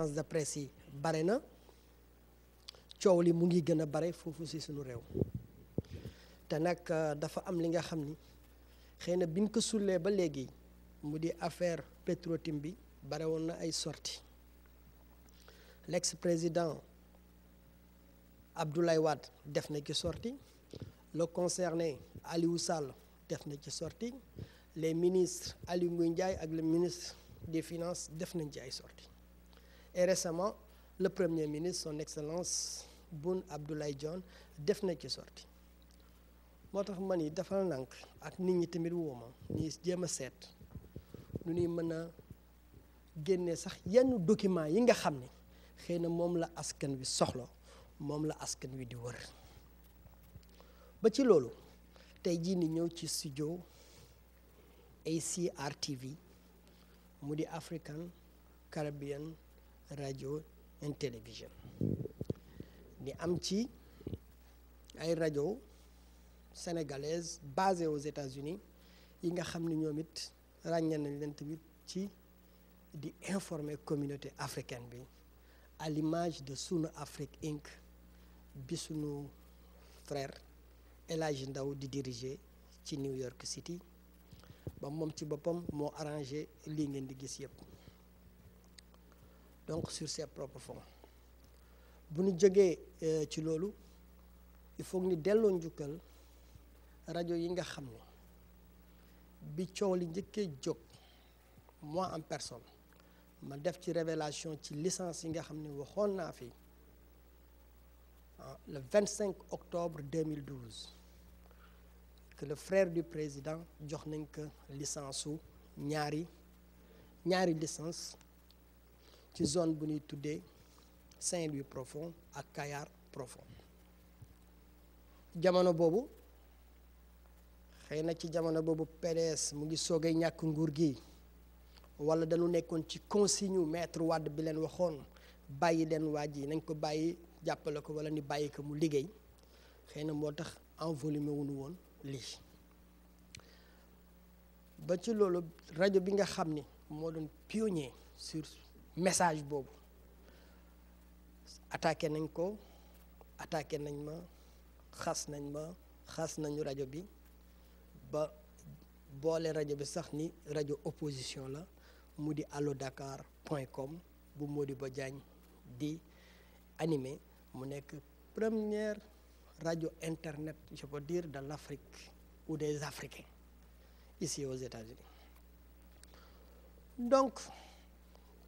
conférence de presse barena bare na coow mu ngi gën a bare foofu si suñu réew nak euh, dafa am li nga xamni xeyna ko sulé ba légui affaire pétrotim bi bare won na ay sorti l'ex-président Abdoulaye Wade def na ci sorti le concerné Aliou Sall def na ci sorti les ministres Aliou Ngouille Ndiaye ak le ministre des finances def nañ ci ay sorti et récemment le premier ministre son excellence Boun Abdoulaye Dione def na ci sorti moo tax man yi dafa nànk ak nit ñi tamit wooma ñuy jéem a seet nu ñuy mën a génne sax yenn document yi nga xam ne xëy na moom la askan wi soxla moom la askan wi di wër ba ci loolu tey jii ni ñëw ci studio ACRTV mu di African Caribbean radio et télévision Ni am ci ay radio sénégalaise basée aux États-Unis yi nga xam ne ñoom it ci di informer communauté africaine bi à l'image de Sun Afrique Inc bisunu frère l'agenda Ndaw di diriger ci New York City ba mom ci bopam mo arrangé li ngeen di gis yépp donc sur ses propres fonds bu ñu jógee euh, ci loolu il faut ni delloo njukkal rajo yi nga xam ne bi coow li njëkkee moi en personne ma def ci révélation ci licence yi nga xam ne fi ah, le 25 octobre 2012 que le frère du président jox nañ ko licence ñaari ñaari licence ci zone bu ñuy tuddee Saint-Louis profond ak Kayar profond jamono boobu xëy na ci jamono boobu PDS mu ngi soogay ñàkk nguur gi wala dañu nekkoon ci consigne maître Wade bi leen waxoon bàyyi leen waa ji nañ ko bàyyi jàppale ko wala ni bàyyi ko mu liggéey xëy na moo tax envolumé wuñu woon lii ba ci loolu rajo bi nga xam ni moo doon pionnier message bob, attaque nañ ko attaqué nañ ma xas nañ ma xas nañu radio bi ba boole radio bi sax ni opposition la mu di allo dakar point com bu di animé mu nekk première radio internet je peux dire de l'Afrique ou des Africains ici aux États-Unis donc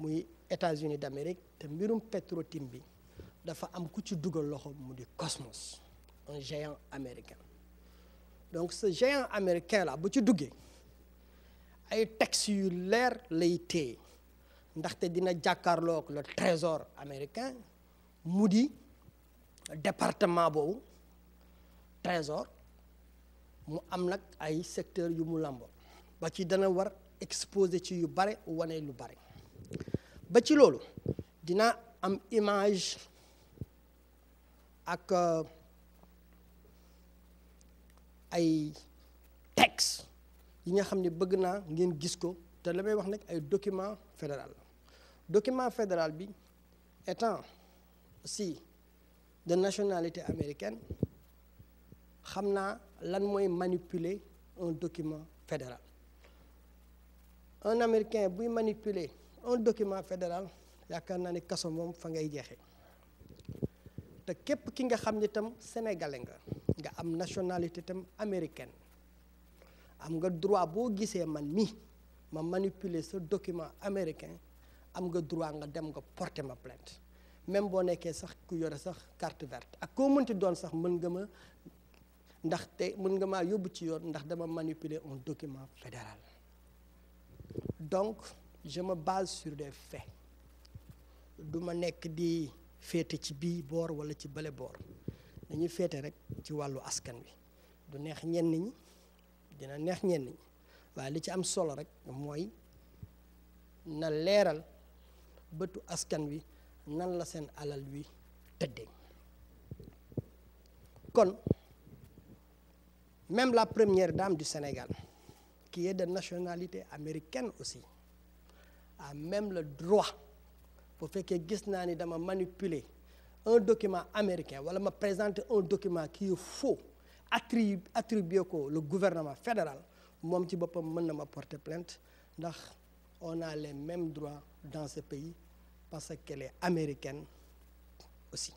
muy États-Unis d'Amérique te mbirum Petrotim bi dafa am ku ci dugal loxo mu Cosmos un géant américain donc ce géant américain là bu ci duggee ay textes yu leer ndaxte dina jàkkaarloog le trésor américain mu département bobu trésor mu am nak ay secteurs yu mu làmboo ba ci dana war exposer ci yu bare wane lu bare ba ci loolu dina am image ak euh, ay texte yi nga xam ne bëgg naa ngeen gis ko ay document fédéral document fédéral bi étant aussi de nationalité américaine xam naa lan manipuler un document fédéral un américain buy manipuler un document fédéral yaakaar naa ni kaso moom fa ngay jeexe te képp ki nga xam ni tam sénégalais nga nga am nationalité tam américain am nga droit boo gisee man mi ma manipuler sa document américain am nga droit nga dem nga porter ma plainte même boo nekkee sax ku yore sax carte verte ak koo mënti doon sax mën nga ma ndax te mën nga maa yóbbu ci yoon ndax dama manipuler un document fédéral donc je me base sur des faits du ma di fété ci bi bor wala ci balé bor. » Dañu fété rek ci walu askan wi du neex ñenn ñi dina neex ñenn ñi Wa li ci am solo rek moy na léral bëtu askan wi nan la seen alal wi kon même la première dame du Sénégal qui est de nationalité américaine aussi même le droit pour faire que manipulé manipuler un document américain Voilà, me présente un document qui est faux attribué au gouvernement fédéral mon ci ne mën na ma porter plainte Donc, on a les mêmes droits dans ce pays parce qu'elle est américaine aussi